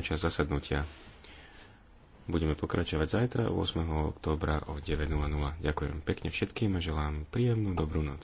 čas zasadnutia. Budeme pokračovať zajtra 8. októbra o 9.00. Ďakujem pekne všetkým a želám príjemnú dobrú noc.